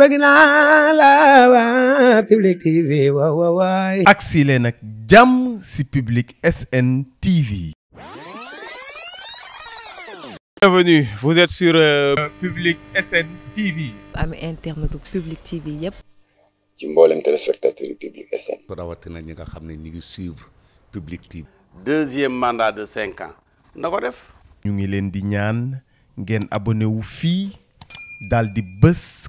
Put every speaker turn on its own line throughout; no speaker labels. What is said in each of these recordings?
bëgg Public TV waaw waaw waay. agsi leen nag ci Public SN TV. bienvenue vous êtes sur euh,
Public SN TV. am internet Public TV yëpp.
ci mboolem téléspectateur yi Public SN. rawatina ñi nga xam ne ñu ngi suivre Public TV. deuxième mandat de 5 ans. na def.
ñu ngi leen di ñaan ngeen abonné wu fi dal di bës.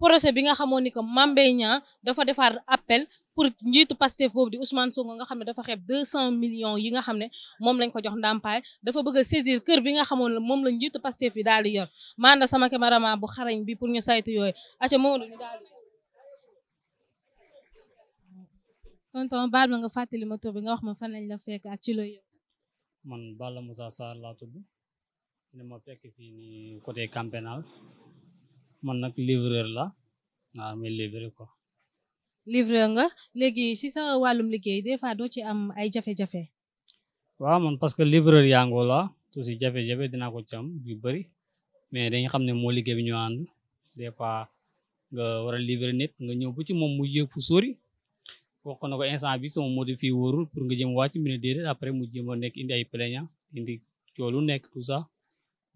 procès bi nga xamoon ni que Mame dafa defar appel pour njiitu Pastef boobu di Ousmane Sonko nga xam dafa xeeb 200 millions yi nga xam ne lañ ko jox ndàmpaay dafa bëgg a saisir kër bi nga xamoon la la njiitu Pastef yi daal di yor manda sama cameraman bu xarañ bi pour ñu saytu yooyu aca Maodo ñu daal tonton baal ma nga fàttali ma tur bi nga wax ma fan lañ la fekk ak ci looy
man bala musa Sarr laa tudd ne ma fekk fii côté man nak livreur la waaw mi livré ko
livré nga léegi si sa wàllum liggéey des fois doo ci am ay jafe-jafe
waaw man parce que livreur yaangoo la si jafe-jafe dinaa ko cam am yu bëri mais dañu xam ne moo liggéey bi ñu ànd fois nga war a livrer nit nga ñëw ba ci moom mu yëg fu sori wax ko na ko instant bi sama motif fii wóorul pour nga jëm wàcc mu ne déedéet après mu jéem a nekk indi ay plaignant indi coolu nekk tout ça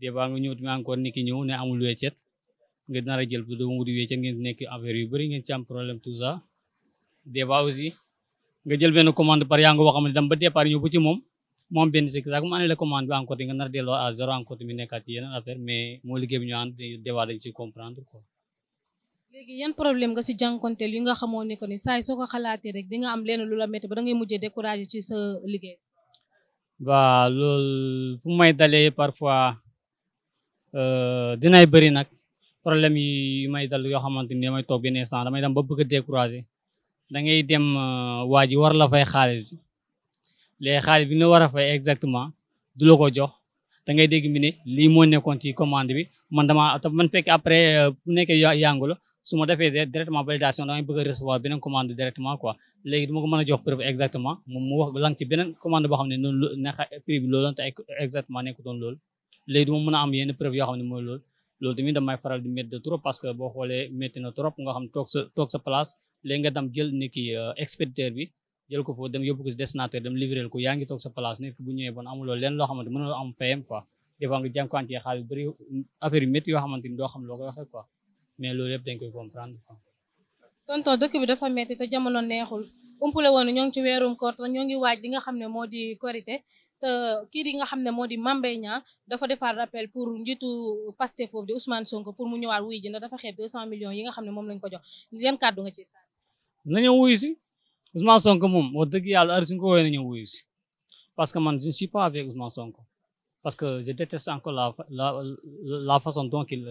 des fois nga ñëw tamit encore nit ki ñëw ne amul weccet nga nar a jël doomu di wéccan ngeen nekk affaire yu bëri ngeen ci am problème tout aussi nga jël benn commande par yaa nga boo ne dem ba départ ñëw ba ci moom moom benn si sax mu annulé commande bi nga nar a delloo à moo liggéey bi ñu ànd des fois
dañ ci si jànkonteel yi nga xamoo ne que ni saa yi soo ko nga am lenn la métti ba da ngay mujjee découragé ci sa liggéey.
waaw loolu fu may dalee parfois euh, dinaay bëri nag. problème yi may dal yoo xamante ni damay toog benn instant damay dem ba bëgg a découragé da ngay dem euh, waa ji war la fay xaalis léegi xaalis bi nga war a fay exactement du la ko jox da ngay dégg mi ne lii moo nekkoon ci commande bi man damaa man fekk après euh, bu nekkee yàngu la su ma defee directement validation damay bëgg a recevoir beneen commande directement quoi léegi du ma ko mën exactement moom mu wax lang ci beneen commande boo xam ne noonu prix bi loolu te exactement léegi du ma a yenn preuve yoo xam ne mooy loolu loolu tamit damay faral di métti trop parce que boo xoolee métti na trop nga xam toog sa toog sa nga dem jël ni ki euh, expéditeur bi jël ko foofu dem yóbbu ko si destinataire dem
dafa métti te jamono neexul umpule woon ñoo ñoo ngi waaj li xam ne moo di korité te kii di nga xam ne moo di Mame Mbaye Niang dafa defar rappel pour njiitu Pastef foofu di Ousmane Sonko pour mu ñëwaat wuy ji ndax dafa xeeb 200 millions yi nga xam ne moom lañ ko jox yan kàddu nga ci saan
nañu wuyu si Ousmane Sonko moom wax dëgg yàlla heure suñu ko woowee nañu wuyu si parce que man je ne suis pas avec Ousmane Sonko parce que je déteste encore la la la façon dont qu'il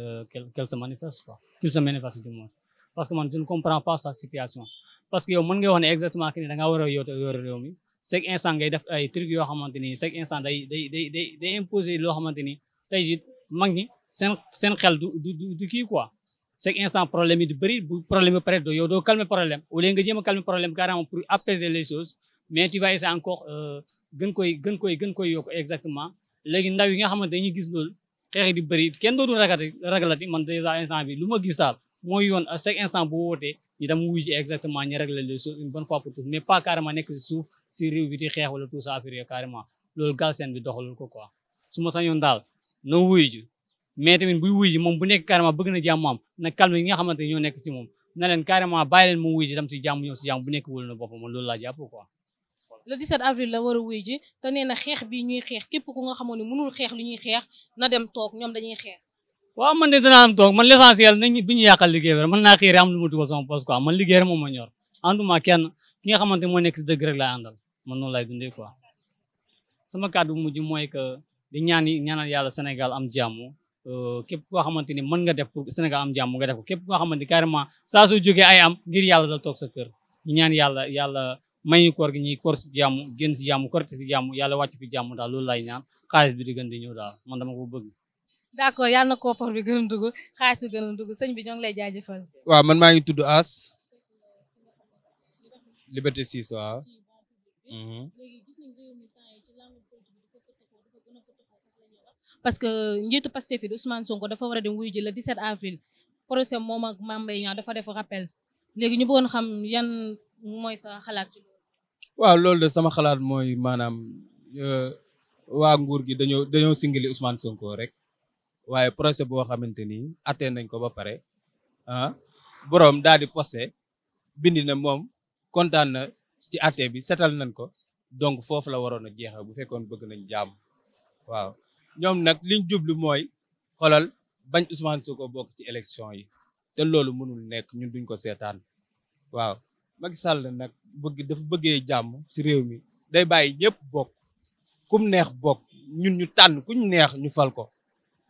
qu'elle se manifeste quoi qu'il se manifeste du moins parce que man je ne comprends pas sa situation parce que yow mën nga wax ne exactement que ni da ngaa war a yore mi chaque instant ngay def ay truc yoo xamante ni instant day day day loo xamante ni tey jii mag xel du du du kii quoi chaque instant problème di bëri bu problème yi pare doo yow doo calmer problème au lieu nga jéem a calmer problème carrément pour apaiser les choses mais tu vas essayer encore euh, gën koy gën koy gën koy yokk exactement léegi ndaw yi nga xamante dañuy gis loolu xeex di bëri kenn dootul ragati ragalati man déjà instant bi lu ma gis daal mooy yoon à chaque instant bu wootee ñu dem wuyu ji exactement ñu régler les choses une si réew bi di xeex wala tout ça affaire yi carrément loolu galsen bi doxalul ko quoi suma ma sañoon daal na wuy ji mais tamine bu wuy ji mom bu nek carrément bëgg na jàmmam na calme yi nga xamanteni ne ñoo nekk ci mom na len carrément bay len mu wuy ji tam ci jamm ñëw ci jamm bu nek wul na bopam lol la japp quoi
le 17 avril la wara wuy ji te neena na bi ñuy xeex kep ku nga xamone mënul xeex lu ñuy xeex na dem tok ñom dañuy xeex
wa man de dana am tok man l'essentiel nañ biñu ñu yàqal liggéey man na xëy am lu mu dugal sama poste quoi man liggéey rek moom ma ñor anduma kenn ki nga xamanteni mo nek ci deug rek la andal man noonu laay dundee quoi sama kàddu mujj mooy que di ñaan ñaanal yàlla Sénégal am jàmm eh, képp koo xamante ni mën nga def pour Sénégal am jàmm nga def ko képp koo xamante ni carrément saa soo jógee ay am ngir yàlla dal tok sa kër ñu ñaan yàlla yàlla may ñu koor gi ñuy koor si jàmm génn si jàmm korite si jàmm yàlla wàcc fi jàmm dal loolu laay ñaan xaalis bi di gën di ñëw daal man dama ko bëgg
d' accord yàlla na koppar bi gën dugg xaalis bi gën dugg sëñ bi ñong lay jaajeufal.
Wa man ma ngi tuddu As Liberté 6 wa. Mm-hmm.
parce que njiitu fi bi Ousmane Sonko dafa war a dem wuyu ji le 17 avril procès moom ak Mame Mbaye Niang dafa def rappel léegi ñu bëggoon xam yan mooy sa xalaat ci
waaw loolu de sama xalaat mooy maanaam euh, waa nguur gi dañoo dañoo singili Ousmane Sonko rek waaye procès boo xamante ni atte nañ ko ba pare ah boroom daal di posté bindi na moom ci àtte bi setal nañ ko donc foofu la waroon a jeexal bu fekkoon bëgg nañ jàmm waaw ñoom nag liñ jublu mooy xolal bañ Ousmane Sonko bokk ci élection yi te loolu mënul nekk ñun duñ ko seetaan waaw Macky Sall nag bëgg dafa bëggee jàmm si réew mi day bàyyi ñëpp bokk kum neex bokk ñun ñu tànn kuñ neex ñu fal ko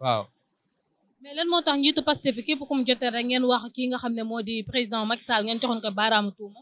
waaw
mais lan moo tax njiitu Pastef képp kum jotee rek ngeen wax ki nga xam ne moo di président Macky ngeen joxoon ko baaraamu tuuma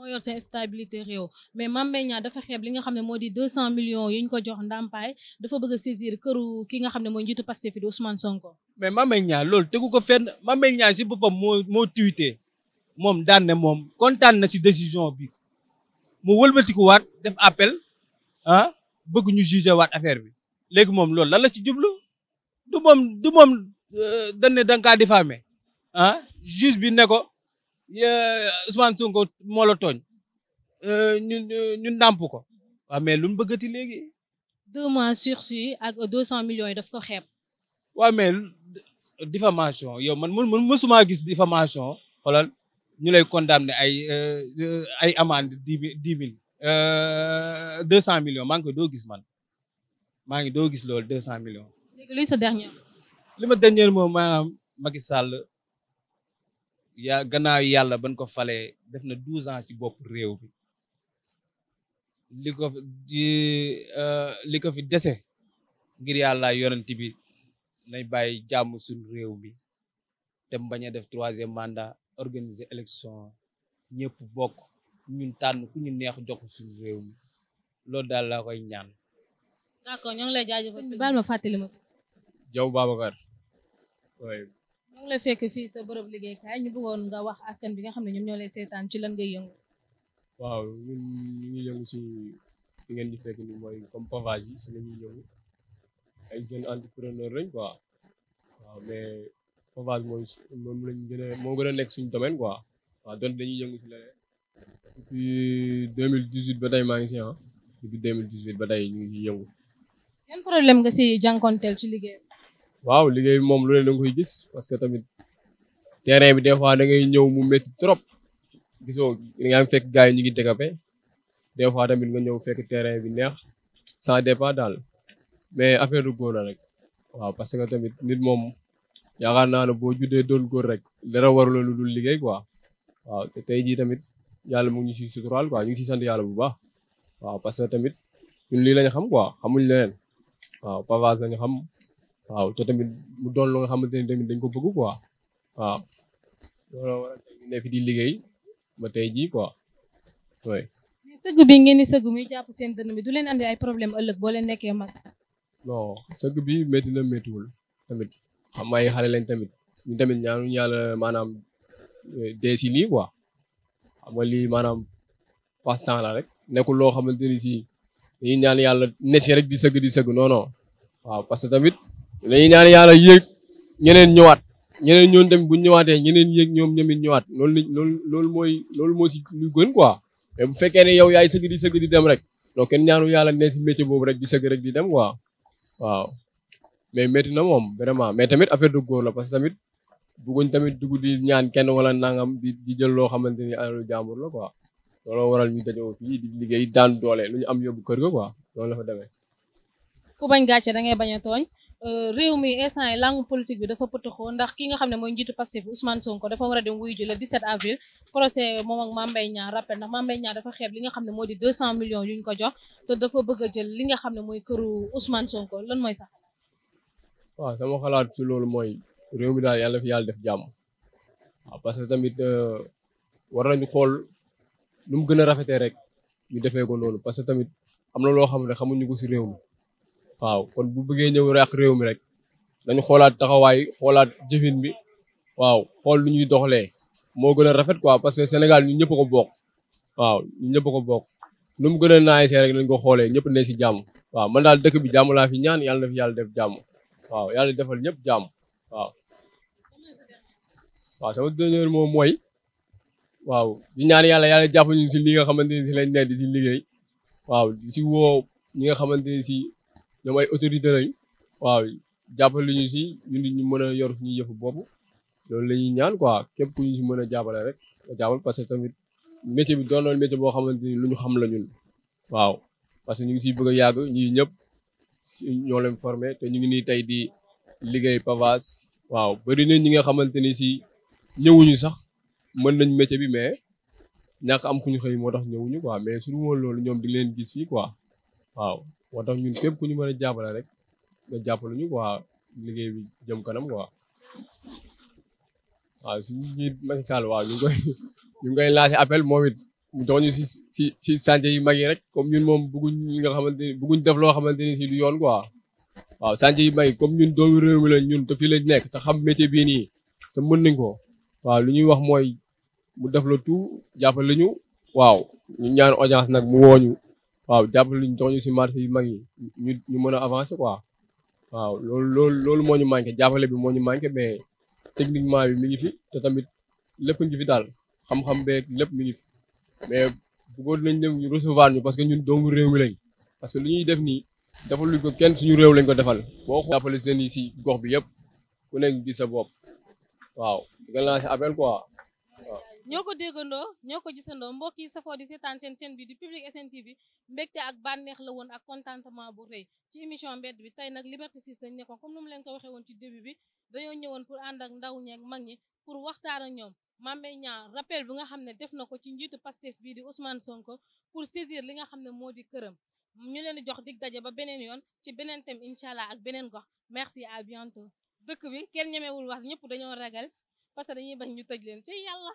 moo yor seen stabilité réew mais Mame Mbaye Niang dafa xeeb li nga xam ne moo di deux millions yu ñu ko jox ndàmpaay dafa bëgg a saisir këru ki nga xam ne mooy njiitu Pastef di Ousmane Sonko.
mais Mame Mbaye Niang loolu tegu ko fenn Mame Mbaye Niang si boppam moo moo tuité moom daan ne moom kontaan na si décision bi mu wëlbatikuwaat def appel ah bëgg ñu jugé waat affaire bi léegi moom loolu lan la ci jublu du moom du moom euh, dañ ne da nga kaa ah juge bi ne ko. Ousmane Sonko moo la tooñ euh, ñun euh, ñun ndàmp ko waaw mais lu mu bëggati léegi.
deux mois sursis ak deux cent millions yi daf ko xeeb.
waaw mais diffamation yow man man mësuma gis diffamation xoolal ñu lay condamné ay euh, ay amende dix mille deux cent millions maa ngi ko doo gis man maa ngi doo gis loolu deux cent millions.
léegi luy sa dernier.
li ma dernier moom maanaam Macky Sall. ya gannaaw yàlla ban ko falee def na douze ans ci bopp réew bi li ko di euh, li ko fi dese ngir yàlla yonent bi nañ bàyyi jàmm suñu réew mi te bañ a def troisième manda organiser élection ñëpp bokk ñu tànn ku ñu neex jox suñu réew mi loolu daal laa koy ñaan.
d'accord ñoo ngi lay jaajëfal baal ma fàttali ñu ngi la fekk fii sa bërëb liggéeykaay ñu bëggoon nga wax askan bi nga xam ne ñoom ñoo lay seetaan ci lan ngay yëngu.
waaw ñun ñu ngi yëngu si fi ngeen di fekk ni mooy comme pavage yi si la ñuy yëngu ay jeunes entrepreneur lañ quoi waaw mais pavage mooy moom lañ gën a moo gën a nekk suñu domaine quoi waaw donc dañuy yëngu si leneen depuis deux mille dix huit ba tey maa ngi si ah depuis deux mille dix huit ba tey ñu ngi si yëngu.
yan problème nga si jànkonteel ci liggéey.
waaw liggéey bi moom lu ne nga koy gis parce que tamit terrain bi des fois da ngay ñëw mu métti trop gisoo da ngaa fekk gars yi ñu ngi décapé des fois tamit nga ñëw fekk terrain bi neex sans départ daal mais affaire du góor la rek waaw parce que tamit nit moom yaakaar naa ne boo juddee doon góor rek dara warula lu dul liggéey quoi waaw te tey jii tamit yàlla mu ngi si suturaal quoi ñu ngi si sant yàlla bu baax waaw parce que tamit ñun la lañ xam quoi xamuñ leneen waaw waaw te tamit mu doon lu nga xamante ne tamit dañ ko bëgg quoi waaw loolu war ne fi di liggéey ma tey jii quoi oui.
sëgg bi ngeen di sëgg muy jàpp seen dënn bi du leen andi ay problème ëllëg boo nekkee mag.
non sëgg bi métti na méttiwul tamit xam ay xale lañ tamit ñu tamit ñaanu yàlla maanaam euh, dee si lii quoi xam maanaam passe la rek nekkul loo xamante ni si dañuy ñaan yàlla ne rek di sëgg di sëgg non non waaw parce tamit. dañuy ñaan yàlla yéeg ñeneen ñëwaat ñeneen ñoon tamit bu ñu ñëwaatee ñeneen yéeg ñoom ñamit ñëwaat loolu lañ loolu loolu mooy loolu moo si lu gën quoi mais bu fekkee ne yow yaay sëgg di di dem rek donc kenn ñaanu yàlla ne si métier boobu rek di sëgg rek di dem quoi waaw mais métti na moom vraiment mais tamit affaire de góor la parce que tamit bëgguñ tamit dugg di ñaan kenn wala nangam di di jël loo xamante ni alalu jàmbur la quoi looloo waral ñu dajoo fii di liggéey daan doole lu ñu am yóbbu kër ga quoi loolu la fa demee.
bañ gàcce da ngay bañ Euh, réew mi instant yi langue politique bi dafa potoxo ndax ki nga xamne moy njitu passif Ousmane Sonko dafa wara dem wuyu ji le 17 avril procès mom ak Mame Niang rappel ndax Mame Niang dafa xeb li nga xamne ne di 200 millions yuñ ko jox te dafa bëgg jël li nga xamne moy keuru Ousmane Sonko lan moy sax
wa sama xalaat ci lool moy réew mi daal yalla fi yalla def jamm wa parce que tamit euh, war nañu xol nu mu gën rek ñu défé ko lool parce que tamit amna lo xamne xamuñu ko ci réew mi waaw kon bu bëggee ñëw ràq réew mi rek dañu xoolaat taxawaay xoolaat jëfin bi waaw xool lu ñuy doxalee moo gën a rafet quoi parce que Sénégal ñu ñëpp ko bokk waaw ñëpp ko bokk nu mu gën a naayisee rek lañ ko xoolee ñëpp ne si jàmm waaw man daal dëkk bi jàmm laa fi ñaan yàlla na yàlla def jàmm waaw yàlla defal ñëpp jàmm waaw waaw sama dernier mooy waaw di ñaan yàlla yàlla jàpp ñu si li nga xamante ni si lañ liggéey waaw si woo ñi nga si ñoom ay autorité lañ waaw lu ñu si ñun ñu mën a yor suñu yëfu bopp loolu la ñuy ñaan quoi képp ku ñu si mën a jàppale rek nga jàppal parce que tamit métier bi doon na métier boo xamante ni lu ñu xam la ñun waaw parce que ñu ngi siy bëgg a yàgg ñii ñëpp ñoo leen formé te ñu ngi nii tey di liggéey pavage waaw bëri na ñi nga xamante ni si ñëwuñu sax mën nañ métier bi mais ñàkk am fu ñu xëy moo tax ñëwuñu quoi mais suñu woon loolu ñoom di leen gis fii quoi waaw moo tax ñun képp ku ñu mën a jàppale rek nga jàppale ñu quoi liggéey bi jëm kanam quoi waaw suñu njiit Macky Sall waaw ñu ngi koy appel moom it mu jox si si si chantier yu mag yi rek comme ñun moom bëgguñ nga xamante ni bëgguñ def loo xamante ni si du yoon quoi waaw chantier yu mag comme ñun doomu réew mi la ñun te fii lañ nekk te xam métier bii nii te mën nañ ko waaw lu ñuy wax mooy mu def la tout jàppale ñu waaw ñu ñaan audience nag mu wooñu waaw jàppale ñu jox si marché yu mag yi ñu ñu mën a avancer quoi waaw loolu loolu loolu moo ñu manqué jàppale bi moo ñu manqué mais techniquement bi mi ngi fi te tamit lépp ngi fi daal xam-xam beeg lépp mi ngi fi mais bëggoon nañ dem ñu recevoir ñu parce que ñun doomu réew mi lañ parce que lu ñuy def nii defaluñ ko kenn suñu réew lañ ko defal boo xoolee jàppale seen yi si gox bi yëpp ku nekk gis sa bopp waaw gën naa appel quoi.
ñoo ko déggandoo ñoo ko gisandoo mbokk yi safoo di seetaan seen chaîne bi di Public SN TV mbégte ak bànneex la woon ak contentement bu rëy ci émission mbedd bi tey nag Liberté 6 lañ nekkoon comme nu mu leen ko waxee woon ci début bi dañoo ñëwoon pour ànd ak ndaw ñi ak ñi pour waxtaan ak ñoom Mame Mbaye Niang rappel bi nga xam ne def na ko ci njiitu Pastef bii di Ousmane Sonko pour saisir li nga xam ne moo di këram ñu leen di jox di daje ba beneen yoon ci beneen thème incha allah ak beneen gox merci à bientôt dëkk bi kenn ñemewul wax ñëpp dañoo ragal parce que dañuy bañ ñu tëj leen ci yàlla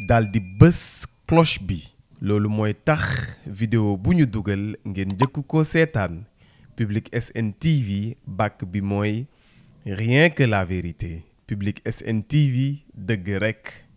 Daldi di bus cloche bi lolou moy tax vidéo bu ñu ngeen ko Public SNTV TV bi moy rien que la vérité Public SNTV de grec